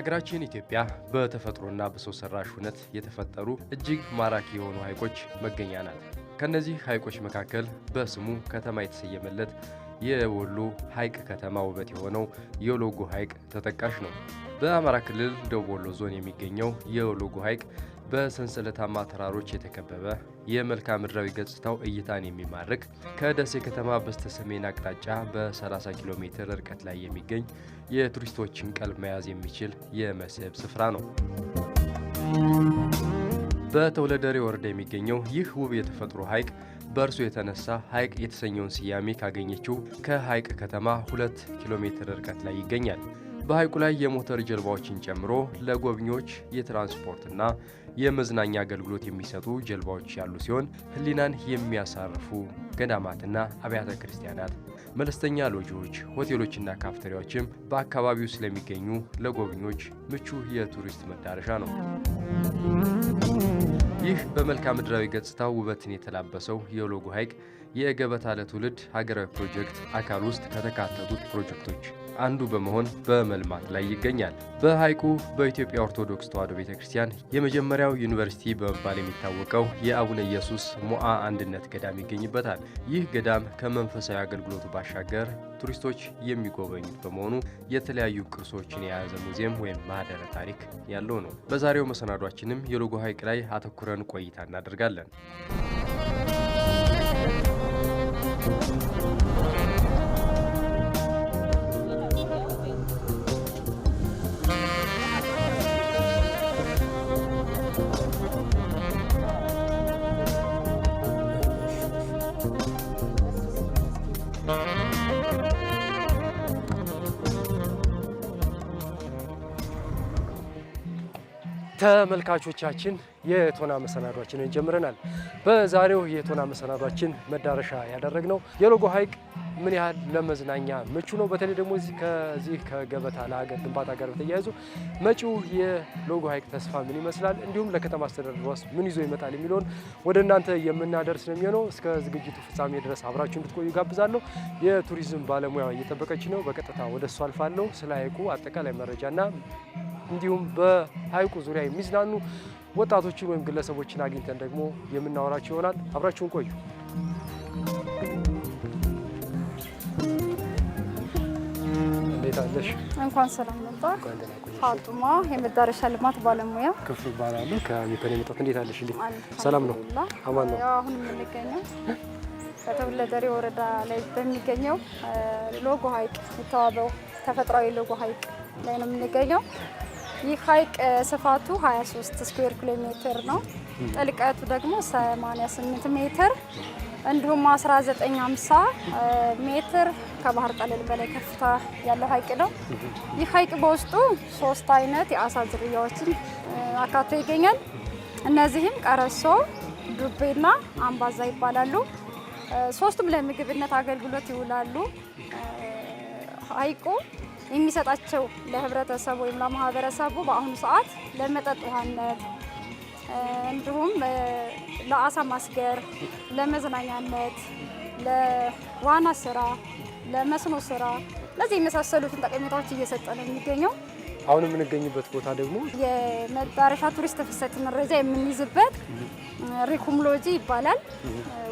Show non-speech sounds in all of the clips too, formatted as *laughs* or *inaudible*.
ሀገራችን ኢትዮጵያ በተፈጥሮና በሰው ሰራሽ ሁነት የተፈጠሩ እጅግ ማራኪ የሆኑ ሐይቆች መገኛ ናት። ከእነዚህ ሐይቆች መካከል በስሙ ከተማ የተሰየመለት የወሎ ሐይቅ ከተማ ውበት የሆነው የሎጎ ሐይቅ ተጠቃሽ ነው። በአማራ ክልል ደቡብ ወሎ ዞን የሚገኘው የሎጎ ሐይቅ በሰንሰለታማ ተራሮች የተከበበ የመልክዓ ምድራዊ ገጽታው እይታን የሚማርክ ከደሴ ከተማ በስተሰሜን አቅጣጫ በ30 ኪሎ ሜትር ርቀት ላይ የሚገኝ የቱሪስቶችን ቀልብ መያዝ የሚችል የመስህብ ስፍራ ነው። በተውለደሬ ወረዳ የሚገኘው ይህ ውብ የተፈጥሮ ሐይቅ በእርሱ የተነሳ ሐይቅ የተሰኘውን ስያሜ ካገኘችው ከሐይቅ ከተማ ሁለት ኪሎ ሜትር ርቀት ላይ ይገኛል። በሐይቁ ላይ የሞተር ጀልባዎችን ጨምሮ ለጎብኚዎች የትራንስፖርትና የመዝናኛ አገልግሎት የሚሰጡ ጀልባዎች ያሉ ሲሆን ሕሊናን የሚያሳርፉ ገዳማትና አብያተ ክርስቲያናት፣ መለስተኛ ሎጂዎች፣ ሆቴሎችና ካፍቴሪያዎችም በአካባቢው ስለሚገኙ ለጎብኚዎች ምቹ የቱሪስት መዳረሻ ነው። ይህ በመልክዓ ምድራዊ ገጽታው ውበትን የተላበሰው የሎጎ ሐይቅ የገበታ ለትውልድ ሀገራዊ ፕሮጀክት አካል ውስጥ ከተካተቱት ፕሮጀክቶች አንዱ በመሆን በመልማት ላይ ይገኛል። በሐይቁ በኢትዮጵያ ኦርቶዶክስ ተዋሕዶ ቤተ ክርስቲያን የመጀመሪያው ዩኒቨርሲቲ በመባል የሚታወቀው የአቡነ ኢየሱስ ሞዓ አንድነት ገዳም ይገኝበታል። ይህ ገዳም ከመንፈሳዊ አገልግሎቱ ባሻገር ቱሪስቶች የሚጎበኙት በመሆኑ የተለያዩ ቅርሶችን የያዘ ሙዚየም ወይም ማህደረ ታሪክ ያለው ነው። በዛሬው መሰናዷችንም የሎጎ ሐይቅ ላይ አተኩረን ቆይታ እናደርጋለን። ተመልካቾቻችን የቶና መሰናዷችንን ጀምረናል። በዛሬው የቶና መሰናዷችን መዳረሻ ያደረግነው የሎጎ ሐይቅ ምን ያህል ለመዝናኛ ምቹ ነው፣ በተለይ ደግሞ ከዚህ ከገበታ ለሀገር ግንባታ ጋር በተያያዙ መጪው የሎጎ ሐይቅ ተስፋ ምን ይመስላል፣ እንዲሁም ለከተማ አስተዳደሯስ ምን ይዞ ይመጣል የሚለውን ወደ እናንተ የምናደርስ ነው የሚሆነው። እስከ ዝግጅቱ ፍጻሜ ድረስ አብራችሁ እንድትቆዩ ጋብዛለሁ። የቱሪዝም ባለሙያ እየጠበቀች ነው። በቀጥታ ወደ እሱ አልፋለሁ። ስለ ሐይቁ አጠቃላይ መረጃና እንዲሁም በሐይቁ ዙሪያ የሚዝናኑ ወጣቶችን ወይም ግለሰቦችን አግኝተን ደግሞ የምናወራቸው ይሆናል። አብራችሁን ቆዩ። እንኳን ሰላም መጣ። ፋጡማ የመዳረሻ ልማት ባለሙያ ክፍሉ እባላለሁ። ከሚኮን የመጣሁት። እንዴት አለሽ? ሰላም ነው? አማን ነው። አሁን የምንገኘው ከተሁለደሬ ወረዳ ላይ በሚገኘው ሎጎ ሀይቅ የተዋበው ተፈጥሯዊ ሎጎ ሀይቅ ላይ ነው የምንገኘው። ይህ ሀይቅ ስፋቱ 23 ስኩዌር ኪሎ ሜትር ነው። ጥልቀቱ ደግሞ 88 ሜትር እንዲሁም 1950 ሜትር ከባህር ጠለል በላይ ከፍታ ያለው ሀይቅ ነው። ይህ ሀይቅ በውስጡ ሶስት አይነት የአሳ ዝርያዎችን አካቶ ይገኛል። እነዚህም ቀረሶ፣ ዱቤና አምባዛ ይባላሉ። ሶስቱም ለምግብነት አገልግሎት ይውላሉ። ሐይቁ የሚሰጣቸው ለህብረተሰቡ ወይም ለማህበረሰቡ በአሁኑ ሰዓት ለመጠጥ ውሃነት እንዲሁም ለአሳ ማስገር፣ ለመዝናኛነት፣ ለዋና ስራ፣ ለመስኖ ስራ ለዚህ የመሳሰሉትን ጠቀሜታዎች እየሰጠ ነው የሚገኘው። አሁን የምንገኝበት ቦታ ደግሞ የመዳረሻ ቱሪስት ፍሰት መረጃ የምንይዝበት ሪኩምሎጂ ይባላል።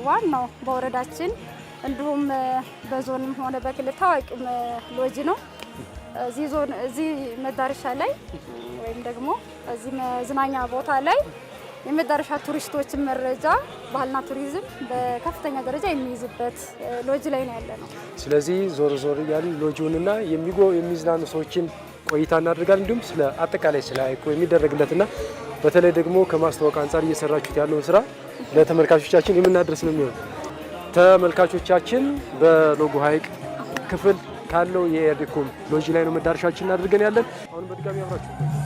ዋናው በወረዳችን እንዲሁም በዞንም ሆነ በክልል ታዋቂ ሎጂ ነው። እዚህ ዞን እዚህ መዳረሻ ላይ ወይም ደግሞ እዚህ መዝናኛ ቦታ ላይ የመዳረሻ ቱሪስቶችን መረጃ ባህልና ቱሪዝም በከፍተኛ ደረጃ የሚይዝበት ሎጅ ላይ ነው ያለ ነው። ስለዚህ ዞር ዞር እያልን ሎጂውንና የሚዝናኑ ሰዎችን ቆይታ እናደርጋለን። እንዲሁም ስለ አጠቃላይ ስለ ሀይቁ የሚደረግለትና በተለይ ደግሞ ከማስተዋወቅ አንጻር እየሰራችሁት ያለውን ስራ ለተመልካቾቻችን የምናደርስ ነው የሚሆን። ተመልካቾቻችን በሎጎ ሀይቅ ክፍል ካለው የኤርዲኮም ሎጂ ላይ ነው መዳረሻችን እናደርገን ያለን። አሁንም በድጋሚ አብራችሁ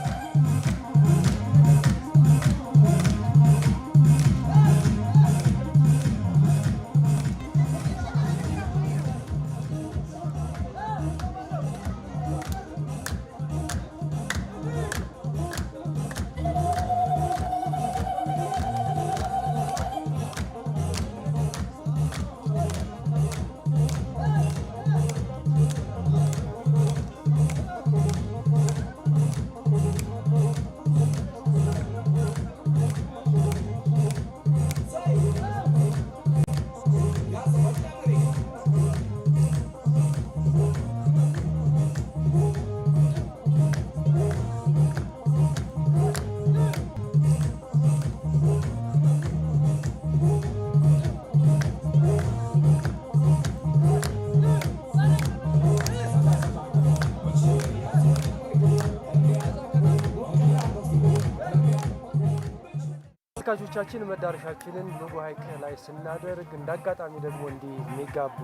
ተመልካቾቻችን መዳረሻችንን ሉጉ ሐይቅ ላይ ስናደርግ እንደ አጋጣሚ ደግሞ እንዲህ የሚጋቡ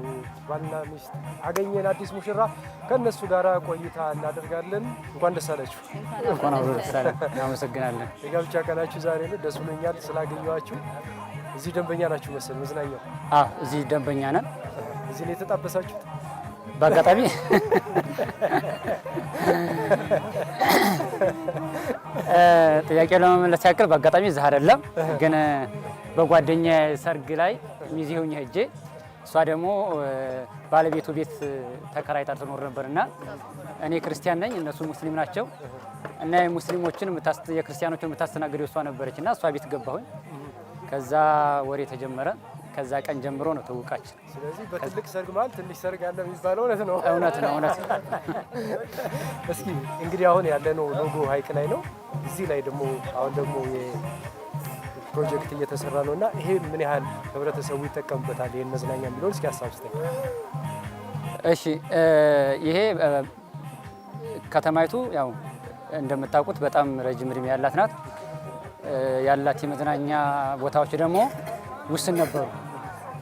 ባልና ሚስት አገኘን፣ አዲስ ሙሽራ። ከእነሱ ጋር ቆይታ እናደርጋለን። እንኳን ደስ አላችሁ። እንኳን አብሮ ደስ አለን። እናመሰግናለን። የጋብቻ ቀናችሁ ዛሬ ነው። ደስ ብሎኛል ስላገኘኋችሁ። እዚህ ደንበኛ ናችሁ መሰል መዝናኛው? አዎ እዚህ ደንበኛ ነን። እዚህ ላይ የተጣበሳችሁት? በአጋጣሚ *laughs* ጥያቄ ለመመለስ ያክል በአጋጣሚ እዚህ አይደለም፣ ግን በጓደኛ ሰርግ ላይ ሚዜ ሆኜ ሄጄ እሷ ደግሞ ባለቤቱ ቤት ተከራይታ ትኖር ነበር እና እኔ ክርስቲያን ነኝ፣ እነሱ ሙስሊም ናቸው እና የሙስሊሞችን የክርስቲያኖችን የምታስተናግደው እሷ ነበረች እና እሷ ቤት ገባሁኝ። ከዛ ወሬ ተጀመረ። ከዛ ቀን ጀምሮ ነው ትውቃችን። ስለዚህ በትልቅ ሰርግ ማለት ትንሽ ሰርግ አለ የሚባለው እውነት ነው። እውነት ነው፣ እውነት ነው። እስኪ እንግዲህ አሁን ያለነው ሎጎ ሀይቅ ላይ ነው። እዚህ ላይ ደግሞ አሁን ደግሞ ፕሮጀክት እየተሰራ ነው እና ይሄ ምን ያህል ህብረተሰቡ ይጠቀምበታል ይህን መዝናኛ የሚለውን እስኪ ሀሳብ እሺ ይሄ ከተማይቱ ያው እንደምታውቁት በጣም ረጅም እድሜ ያላት ናት። ያላት የመዝናኛ ቦታዎች ደግሞ ውስን ነበሩ።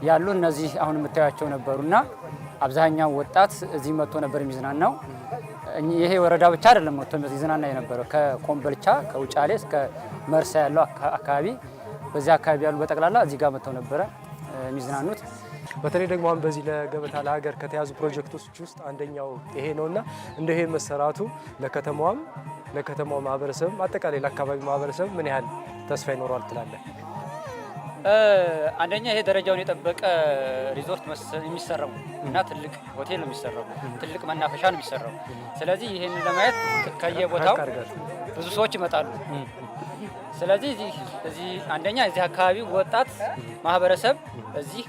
ያሉ እነዚህ አሁን የምታያቸው ነበሩና አብዛኛው ወጣት እዚህ መጥቶ ነበር የሚዝናናው። ይሄ ወረዳ ብቻ አይደለም መጥቶ ይዝናና የነበረው ከኮምበልቻ ከውጫሌ እስከ መርሳ ያለው አካባቢ በዚህ አካባቢ ያሉ በጠቅላላ እዚህ ጋር መጥተው ነበረ የሚዝናኑት። በተለይ ደግሞ አሁን በዚህ ለገበታ ለሀገር ከተያዙ ፕሮጀክቶች ውስጥ አንደኛው ይሄ ነውና እንደ ይሄ መሰራቱ ለከተማዋም ለከተማው ማህበረሰብ አጠቃላይ ለአካባቢ ማህበረሰብ ምን ያህል ተስፋ ይኖረዋል ትላለን? አንደኛ ይሄ ደረጃውን የጠበቀ ሪዞርት የሚሰራው እና ትልቅ ሆቴል ነው የሚሰራው፣ ትልቅ መናፈሻ ነው የሚሰራው። ስለዚህ ይህን ለማየት ከየቦታው ብዙ ሰዎች ይመጣሉ። ስለዚህ እዚህ አንደኛ እዚህ አካባቢ ወጣት ማህበረሰብ እዚህ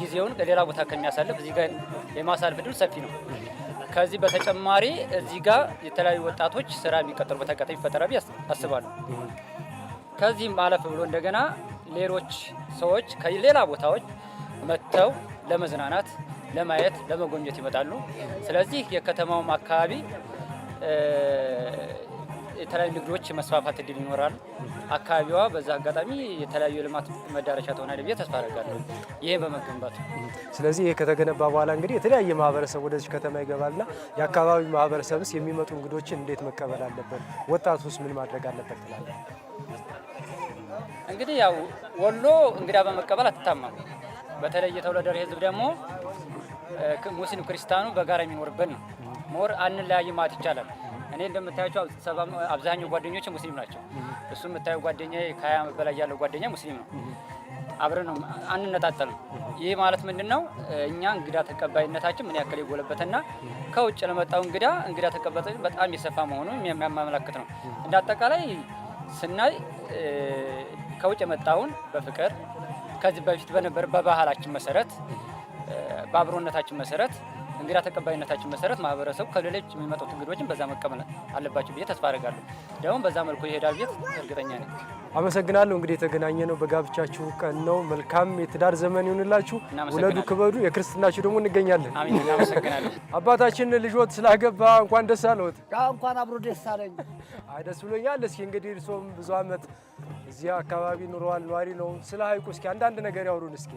ጊዜውን ከሌላ ቦታ ከሚያሳልፍ እዚህ ጋር የማሳልፍ እድል ሰፊ ነው። ከዚህ በተጨማሪ እዚህ ጋር የተለያዩ ወጣቶች ስራ የሚቀጠሩበት አጋጣሚ ይፈጠራል ብዬ አስባለሁ። ከዚህም አለፍ ብሎ እንደገና ሌሎች ሰዎች ከሌላ ቦታዎች መጥተው ለመዝናናት፣ ለማየት፣ ለመጎብኘት ይመጣሉ። ስለዚህ የከተማውም አካባቢ የተለያዩ ንግዶች መስፋፋት እድል ይኖራል። አካባቢዋ በዛ አጋጣሚ የተለያዩ የልማት መዳረሻ ትሆናለች ብዬ ተስፋ አደርጋለሁ። ይሄ በመገንባቱ ስለዚህ ይሄ ከተገነባ በኋላ እንግዲህ የተለያየ ማህበረሰብ ወደዚህ ከተማ ይገባልና የአካባቢ ማህበረሰብስ የሚመጡ እንግዶችን እንዴት መቀበል አለበት? ወጣቱስ ምን ማድረግ አለበት ትላለህ? እንግዲህ ያው ወሎ እንግዳ በመቀበል አትታማም። በተለይ የተወለደ ህዝብ ደግሞ ሙስሊም ክርስቲያኑ በጋራ የሚኖርበት ነው። ሞር አንለያይም ማለት ይቻላል። እኔ እንደምታያቸው አብዛኛው ጓደኞች ሙስሊም ናቸው። እሱ የምታየው ጓደኛ ከሀያ በላይ ያለው ጓደኛ ሙስሊም ነው። አብረን ነው አንነጣጠልም። ይህ ማለት ምንድን ነው? እኛ እንግዳ ተቀባይነታችን ምን ያክል የጎለበትና ከውጭ ለመጣው እንግዳ እንግዳ ተቀባይነታችን በጣም የሰፋ መሆኑ የሚያመላክት ነው። እንደ አጠቃላይ ስናይ ከውጭ የመጣውን በፍቅር ከዚህ በፊት በነበር በባህላችን መሰረት በአብሮነታችን መሰረት እንግዳ ተቀባይነታችን መሰረት ማህበረሰቡ ከሌሎች የሚመጡት እንግዶችን በዛ መቀበል አለባቸው ብዬ ተስፋ አደርጋለሁ። ደግሞ በዛ መልኩ ይሄዳል ብዬ እርግጠኛ ነኝ። አመሰግናለሁ። እንግዲህ የተገናኘ ነው በጋብቻችሁ ቀን ነው። መልካም የትዳር ዘመን ይሁንላችሁ። ውለዱ፣ ክበዱ። የክርስትናችሁ ደግሞ እንገኛለን። አባታችን ልጆት ስላገባ እንኳን ደስ አለዎት። እንኳን አብሮ ደስ አለኝ። ደስ ብሎኛል። እስኪ እንግዲህ እርስዎም ብዙ አመት እዚህ አካባቢ ኑረዋል፣ ነዋሪ ነው። ስለ ሀይቁ እስኪ አንዳንድ ነገር ያውሩን እስኪ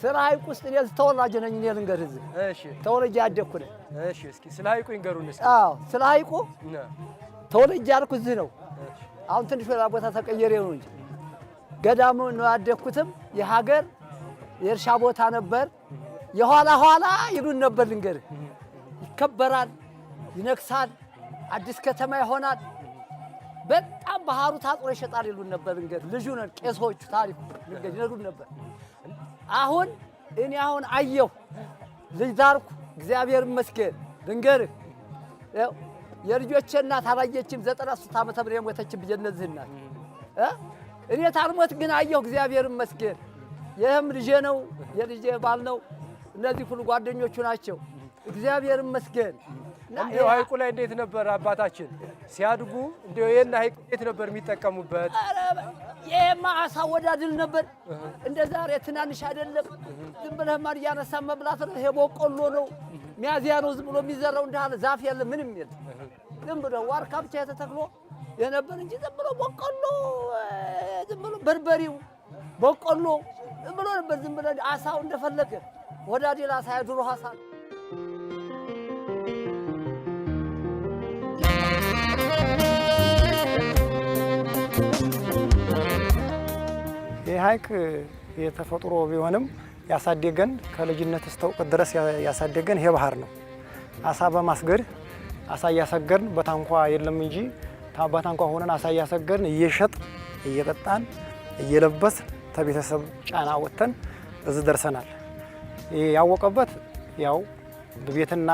ስለ ሐይቁ ውስጥ እኔ ተወላጅ ነኝ። እኔ ልንገርህ እዚህ ተወልጄ ያደግኩ ነኝ። ስለ ሐይቁ ይንገሩን። አዎ ስለ ሐይቁ ተወልጄ ያልኩ እዚህ ነው። አሁን ትንሽ ወደ ቦታ ተቀየረ ነው እንጂ ገዳሙ ነው ያደግኩትም። የሀገር የእርሻ ቦታ ነበር። የኋላ ኋላ ይሉን ነበር ልንገርህ። ይከበራል፣ ይነግሳል፣ አዲስ ከተማ ይሆናል። በጣም ባህሩ ታጥሮ ይሸጣል ይሉን ነበር ልንገርህ። ልጁ ነን ቄሶቹ ታሪኩ ይነግሩን ነበር። አሁን እኔ አሁን አየሁ ልጅ ዛርኩ፣ እግዚአብሔር ይመስገን። ድንገርህ የልጆቼ እናት አላየችም። ዘጠና ሶስት ዓመተ ምህረት የሞተች ብዬ እናት እኔ ታልሞት ግን አየሁ፣ እግዚአብሔር ይመስገን። ይህም ልጄ ነው፣ የልጄ ባል ነው። እነዚህ ሁሉ ጓደኞቹ ናቸው። እግዚአብሔር ይመስገን። እንዲሁ ሀይቁ ላይ እንዴት ነበር አባታችን ሲያድጉ? እንዲሁ ይህን ሀይቅ እንዴት ነበር የሚጠቀሙበት? ይሄማ አሳ ወዳድል ነበር። እንደ ዛሬ ትናንሽ አይደለም። ዝም እያነሳ መብላት ነው። ይሄ በቆሎ ነው፣ ሚያዚያ ነው ዝም ብሎ የሚዘራው እንዳለ ዛፍ ያለ ምንም ዝም ዋርካ ብቻ የተተክሎ የነበር እንጂ ዝም ብሎ በቆሎ፣ ዝም ብሎ በርበሬው፣ በቆሎ ዝም ብሎ ነበር። ዝም ብለህ አሳው እንደፈለገ ወዳድል አሳ፣ አሳ ሀይቅ የተፈጥሮ ቢሆንም ያሳደገን ከልጅነት እስከ እውቀት ድረስ ያሳደገን ይሄ ባህር ነው። አሳ በማስገድ አሳ እያሰገድን በታንኳ የለም እንጂ በታንኳ ሆነን አሳ እያሰገድን እየሸጥ እየጠጣን እየለበስ ከቤተሰብ ጫና ወጥተን እዚህ ደርሰናል። ያወቀበት ያው ቤትና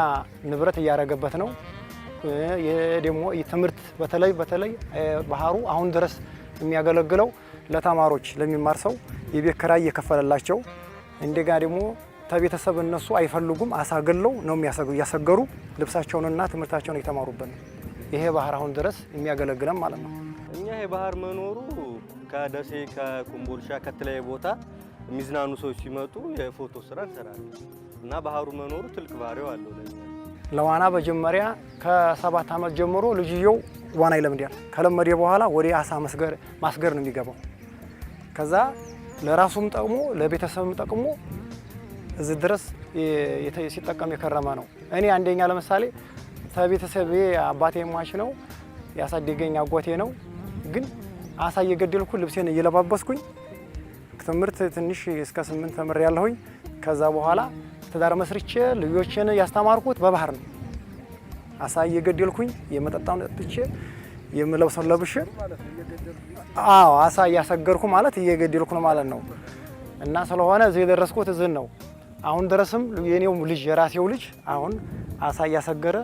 ንብረት እያደረገበት ነው። ደግሞ ትምህርት በተለይ በተለይ ባህሩ አሁን ድረስ የሚያገለግለው ለተማሪዎች ለሚማር ሰው የቤት ኪራይ እየከፈለላቸው እንደገና ደግሞ ተቤተሰብ እነሱ አይፈልጉም አሳግለው ነው እያሰገሩ ልብሳቸውንና ትምህርታቸውን የተማሩበት ነው። ይሄ ባህር አሁን ድረስ የሚያገለግለን ማለት ነው። እኛ ይሄ ባህር መኖሩ ከደሴ ከኩምቦልሻ ከተለያየ ቦታ የሚዝናኑ ሰዎች ሲመጡ የፎቶ ስራ እንሰራለን እና ባህሩ መኖሩ ትልቅ ባህሪው አለው ለዋና መጀመሪያ ከሰባት ዓመት ጀምሮ ልጅየው ዋና ይለምዳል። ከለመደ በኋላ ወደ አሳ ማስገር ነው የሚገባው። ከዛ ለራሱም ጠቅሞ ለቤተሰብም ጠቅሞ እዚህ ድረስ ሲጠቀም የከረመ ነው። እኔ አንደኛ ለምሳሌ ከቤተሰብ አባቴ ሟች ነው ያሳደገኝ አጎቴ ነው። ግን አሳ እየገደልኩ ልብሴን እየለባበስኩኝ ትምህርት ትንሽ እስከ ስምንት ተምሬ ያለሁኝ ከዛ በኋላ ትዳር መስርቼ ልጆችን ያስተማርኩት በባህር ነው። አሳ እየገደልኩኝ የመጠጣውን ጠጥቼ የምለብሰውን ለብሼ አዎ አሳ እያሰገርኩ ማለት እየገደልኩ ነው ማለት ነው። እና ስለሆነ እዚህ የደረስኩት እዝን ነው። አሁን ድረስም የኔው ልጅ የራሴው ልጅ አሁን አሳ እያሰገረ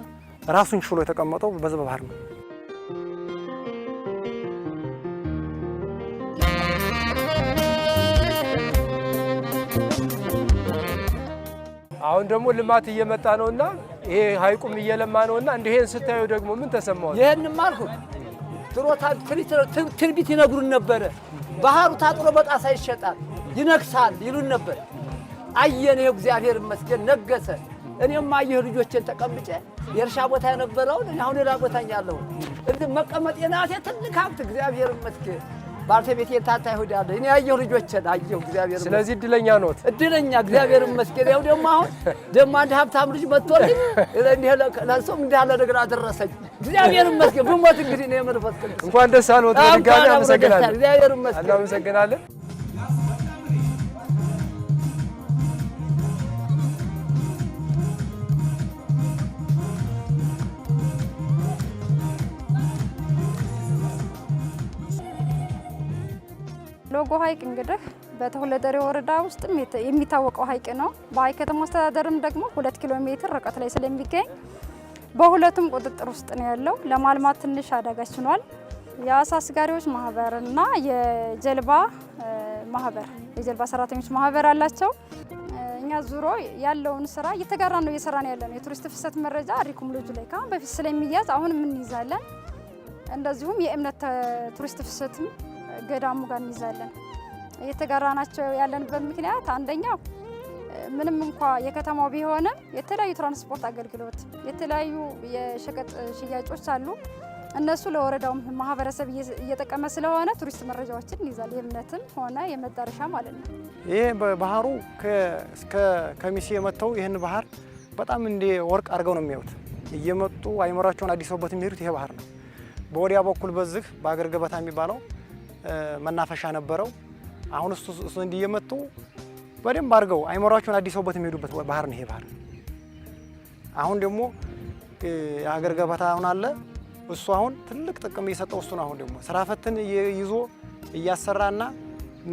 ራሱን ችሎ የተቀመጠው በዚህ በባህር ነው። አሁን ደግሞ ልማት እየመጣ ነውና ይሄ ሀይቁም እየለማ ነው እና እንዲህን ስታዩ ደግሞ ምን ተሰማው? ይህንም አልኩ ትሮታል ትንቢት ይነግሩን ነበረ። ባህሩ ታጥሮ በጣሳ ይሸጣል ይነግሳል ይሉን ነበር። አየን፣ ይሄ እግዚአብሔር ይመስገን ነገሰ። እኔም አየሁ ልጆቼን ተቀምጬ የእርሻ ቦታ የነበረውን አሁን ሌላ ቦታ ያለውን መቀመጥ የናቴ ትልቅ ሀብት እግዚአብሔር ይመስገን ባልተ ቤት የታታ አለ። እኔ ያየሁ ልጆችን አየሁ። እግዚአብሔር ስለዚህ እድለኛ ነዎት። እድለኛ እግዚአብሔር ይመስገን። ያው ደግሞ አሁን ደግሞ አንድ ሀብታም ልጅ መጥቶልኝ ለእሱም እንዲህ ያለ ነገር አደረሰኝ። እግዚአብሔር ይመስገን። ብሞት እንግዲህ ነው የመንፈስ ቅዱስ እንኳን ደስ አልወጣ ድጋሚ አመሰግናለሁ። እግዚአብሔር ይመስገን። እናመሰግናለን። ሎጎ ሐይቅ እንግዲህ በተሁለደሬ ወረዳ ውስጥም የሚታወቀው ሐይቅ ነው። በሐይቅ ከተማ አስተዳደርም ደግሞ ሁለት ኪሎ ሜትር ርቀት ላይ ስለሚገኝ በሁለቱም ቁጥጥር ውስጥ ነው ያለው። ለማልማት ትንሽ አዳጋች ሆኗል። የአሳ አስጋሪዎች ማህበር እና የጀልባ ማህበር የጀልባ ሰራተኞች ማህበር አላቸው። እኛ ዙሮ ያለውን ስራ እየተጋራ ነው እየሰራ ነው ያለ ነው። የቱሪስት ፍሰት መረጃ ሪኩም ሎጁ ላይ ከአሁን በፊት ስለሚያዝ አሁንም እንይዛለን። እንደዚሁም የእምነት ቱሪስት ፍሰትም ገዳሙ ጋር እንይዛለን። እየተጋራ ናቸው ያለንበት ምክንያት አንደኛው ምንም እንኳ የከተማው ቢሆንም የተለያዩ ትራንስፖርት አገልግሎት፣ የተለያዩ የሸቀጥ ሽያጮች አሉ። እነሱ ለወረዳው ማህበረሰብ እየጠቀመ ስለሆነ ቱሪስት መረጃዎችን እንይዛል። የእምነትም ሆነ የመዳረሻ ማለት ነው። ይሄ ባህሩ ከሚሴ የመጥተው ይህን ባህር በጣም እንደ ወርቅ አድርገው ነው የሚያዩት። እየመጡ አይምራቸውን አዲስ አበባበት የሚሄዱት ይሄ ባህር ነው። በወዲያ በኩል በዚህ በአገር ገበታ የሚባለው መናፈሻ ነበረው። አሁን እሱ እሱ እንዲህ እየመጡ በደንብ አድርገው አይመሯቸውን አዲሰውበት የሚሄዱበት ባህር ነው ይሄ ባህር። አሁን ደግሞ የሀገር ገበታ አሁን አለ እሱ አሁን ትልቅ ጥቅም እየሰጠው ነው። አሁን ደግሞ ስራ ፈትን ይዞ እያሰራና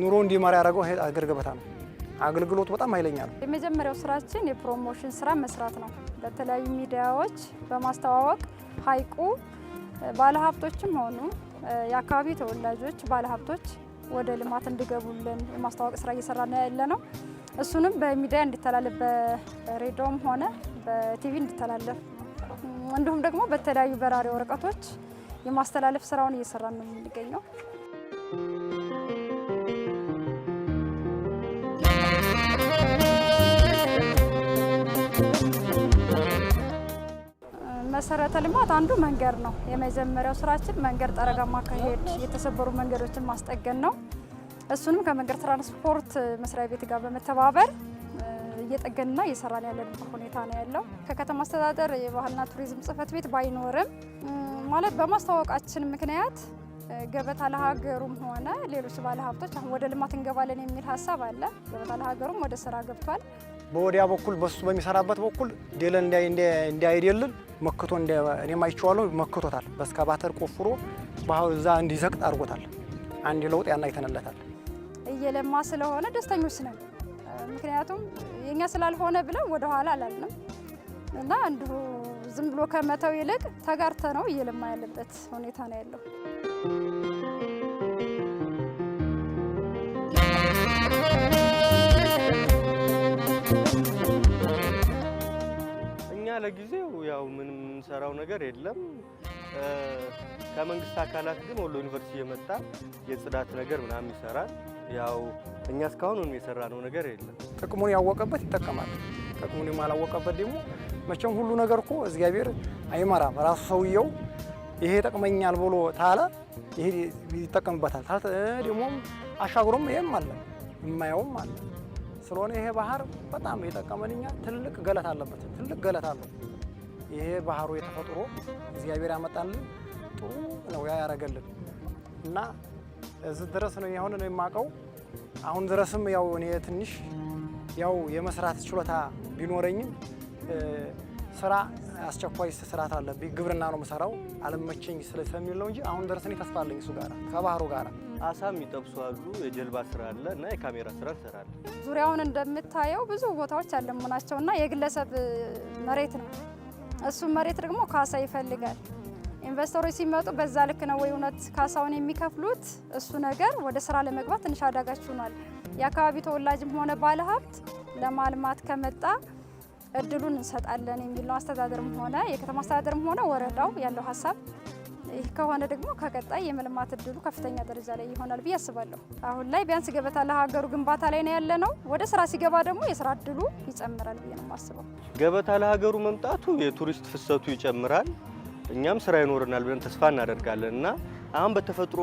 ኑሮ እንዲመራ ያደረገው ሀገር ገበታ ነው። አገልግሎቱ በጣም ኃይለኛ ነው። የመጀመሪያው ስራችን የፕሮሞሽን ስራ መስራት ነው። በተለያዩ ሚዲያዎች በማስተዋወቅ ሀይቁ ባለሀብቶችም ሆኑ የአካባቢ ተወላጆች፣ ባለሀብቶች ወደ ልማት እንዲገቡልን የማስተዋወቅ ስራ እየሰራ ነው ያለ ነው። እሱንም በሚዲያ እንዲተላለፍ በሬዲዮም ሆነ በቲቪ እንዲተላለፍ እንዲሁም ደግሞ በተለያዩ በራሪ ወረቀቶች የማስተላለፍ ስራውን እየሰራ ነው የምንገኘው። ከመሰረተ ልማት አንዱ መንገድ ነው። የመጀመሪያው ስራችን መንገድ ጠረጋ ማካሄድ፣ የተሰበሩ መንገዶችን ማስጠገን ነው። እሱንም ከመንገድ ትራንስፖርት መስሪያ ቤት ጋር በመተባበር እየጠገንና እየሰራን ያለ ሁኔታ ነው ያለው። ከከተማ አስተዳደር የባህልና ቱሪዝም ጽህፈት ቤት ባይኖርም ማለት በማስታወቃችን ምክንያት ገበታ ለሀገሩም ሆነ ሌሎች ባለሀብቶች አሁን ወደ ልማት እንገባለን የሚል ሀሳብ አለ። ገበታ ለሀገሩም ወደ ስራ ገብቷል። በወዲያ በኩል በሱ በሚሰራበት በኩል ዴለን እንዳይደልን መክቶ እኔ አይቼዋለሁ። መክቶታል። በስካባተር ቆፍሮ እዛ እንዲዘቅጥ አድርጎታል። አንድ ለውጥ ያና አይተንለታል። እየለማ ስለሆነ ደስተኞች ነን። ምክንያቱም የኛ ስላልሆነ ብለን ወደኋላ አላልንም እና አንዱ ዝም ብሎ ከመተው ይልቅ ተጋርተ ነው እየለማ ያለበት ሁኔታ ነው ያለው። ለጊዜው ያው ምንም የምንሰራው ነገር የለም። ከመንግስት አካላት ግን ወሎ ዩኒቨርሲቲ የመጣ የጽዳት ነገር ምናምን ይሰራል። ያው እኛ እስካሁን የሰራነው ነገር የለም። ጥቅሙን ያወቀበት ይጠቀማል፣ ጥቅሙን የማላወቀበት ደግሞ መቼም ሁሉ ነገር እኮ እግዚአብሔር አይመራም። ራሱ ሰውየው ይሄ ጠቅመኛል ብሎ ታለ ይሄ ይጠቀምበታል። ደግሞ አሻግሮም ይሄም አለ የማየውም አለ ስለሆነ ይሄ ባህር በጣም የጠቀመንኛ ትልቅ ገለት አለበት፣ ትልቅ ገለት አለው። ይሄ ባህሩ የተፈጥሮ እግዚአብሔር ያመጣልን ጥሩ ነው ያ ያረገልን እና እዚህ ድረስ ነው የሆነ ነው የማውቀው። አሁን ድረስም ያው እኔ ትንሽ ያው የመስራት ችሎታ ቢኖረኝም ስራ አስቸኳይ ስራት አለብኝ። ግብርና ነው የምሰራው አለመቸኝ ስለሚል ነው እንጂ አሁን ድረስ እኔ ተስፋ አለኝ እሱ ጋር ከባህሩ ጋር አሳ የሚጠብሱ አሉ፣ የጀልባ ስራ አለ እና የካሜራ ስራ እንሰራለን። ዙሪያውን እንደምታየው ብዙ ቦታዎች ያለሙ ናቸው እና የግለሰብ መሬት ነው። እሱ መሬት ደግሞ ካሳ ይፈልጋል። ኢንቨስተሮች ሲመጡ በዛ ልክ ነው ወይ እውነት ካሳውን የሚከፍሉት? እሱ ነገር ወደ ስራ ለመግባት ትንሽ አዳጋች ሆኗል። የአካባቢ ተወላጅም ሆነ ባለሀብት ለማልማት ከመጣ እድሉን እንሰጣለን የሚል ነው። አስተዳደርም ሆነ የከተማ አስተዳደርም ሆነ ወረዳው ያለው ሀሳብ ይህ ከሆነ ደግሞ ከቀጣይ የመልማት እድሉ ከፍተኛ ደረጃ ላይ ይሆናል ብዬ አስባለሁ። አሁን ላይ ቢያንስ ገበታ ለሀገሩ ግንባታ ላይ ነው ያለ ነው። ወደ ስራ ሲገባ ደግሞ የስራ እድሉ ይጨምራል ብዬ ነው የማስበው። ገበታ ለሀገሩ መምጣቱ የቱሪስት ፍሰቱ ይጨምራል፣ እኛም ስራ ይኖረናል ብለን ተስፋ እናደርጋለን እና አሁን በተፈጥሮ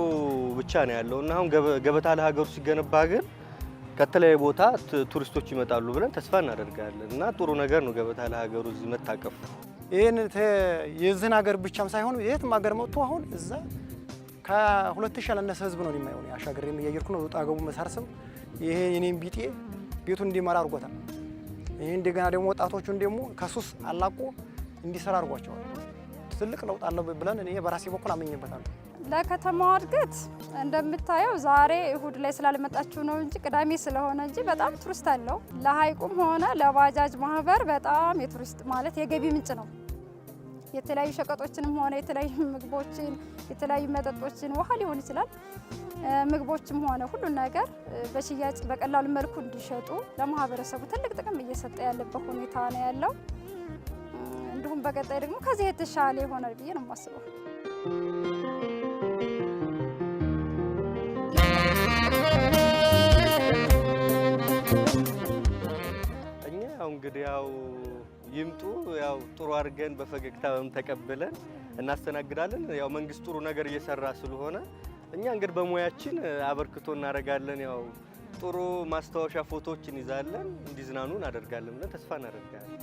ብቻ ነው ያለው እና አሁን ገበታ ለሀገሩ ሲገነባ ግን ከተለያየ ቦታ ቱሪስቶች ይመጣሉ ብለን ተስፋ እናደርጋለን እና ጥሩ ነገር ነው ገበታ ለሀገሩ እዚህ ነው። ይህን የዚህን ሀገር ብቻም ሳይሆን የትም ሀገር መጥቶ አሁን እዛ ከሁለት ሺ ያላነሰ ህዝብ ነው የማየው። አሻገር የሚያየርኩ ነው ጣገቡ መሳርሰብ ይሄ የኔም ቢጤ ቤቱ እንዲመራ አድርጎታል። ይህ እንደገና ደግሞ ወጣቶቹን ደግሞ ከሱስ አላቆ እንዲሰራ አድርጓቸዋል። ትልቅ ለውጥ አለው ብለን እኔ በራሴ በኩል አመኝበታለሁ። ለከተማዋ እድገት እንደምታየው ዛሬ እሁድ ላይ ስላልመጣችሁ ነው እንጂ ቅዳሜ ስለሆነ እንጂ በጣም ቱሪስት አለው። ለሀይቁም ሆነ ለባጃጅ ማህበር በጣም የቱሪስት ማለት የገቢ ምንጭ ነው። የተለያዩ ሸቀጦችንም ሆነ የተለያዩ ምግቦችን፣ የተለያዩ መጠጦችን፣ ውሃ ሊሆን ይችላል ምግቦችም ሆነ ሁሉን ነገር በሽያጭ በቀላሉ መልኩ እንዲሸጡ ለማህበረሰቡ ትልቅ ጥቅም እየሰጠ ያለበት ሁኔታ ነው ያለው። እንዲሁም በቀጣይ ደግሞ ከዚህ የተሻለ ይሆናል ብዬ ነው የማስበው። እኛ ያው እንግዲህ ያው ይምጡ። ያው ጥሩ አድርገን በፈገግታ ተቀብለን እናስተናግዳለን። ያው መንግስት ጥሩ ነገር እየሰራ ስለሆነ እኛ እንግዲህ በሙያችን አበርክቶ እናደርጋለን። ያው ጥሩ ማስታወሻ ፎቶዎች እንይዛለን፣ እንዲዝናኑ እናደርጋለን ብለን ተስፋ እናደርጋለን።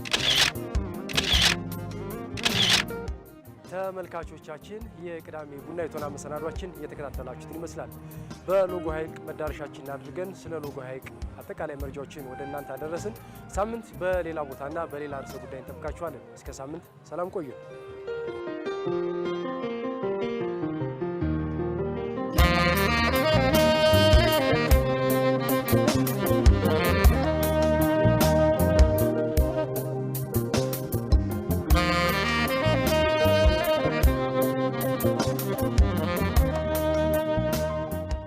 ተመልካቾቻችን የቅዳሜ ቡና የቶና መሰናዷችን እየተከታተላችሁትን ይመስላል። በሎጎ ሐይቅ መዳረሻችን አድርገን ስለ ሎጎ ሐይቅ አጠቃላይ መረጃዎችን ወደ እናንተ አደረስን። ሳምንት በሌላ ቦታና በሌላ ርዕሰ ጉዳይ እንጠብቃችኋለን። እስከ ሳምንት ሰላም ቆዩ።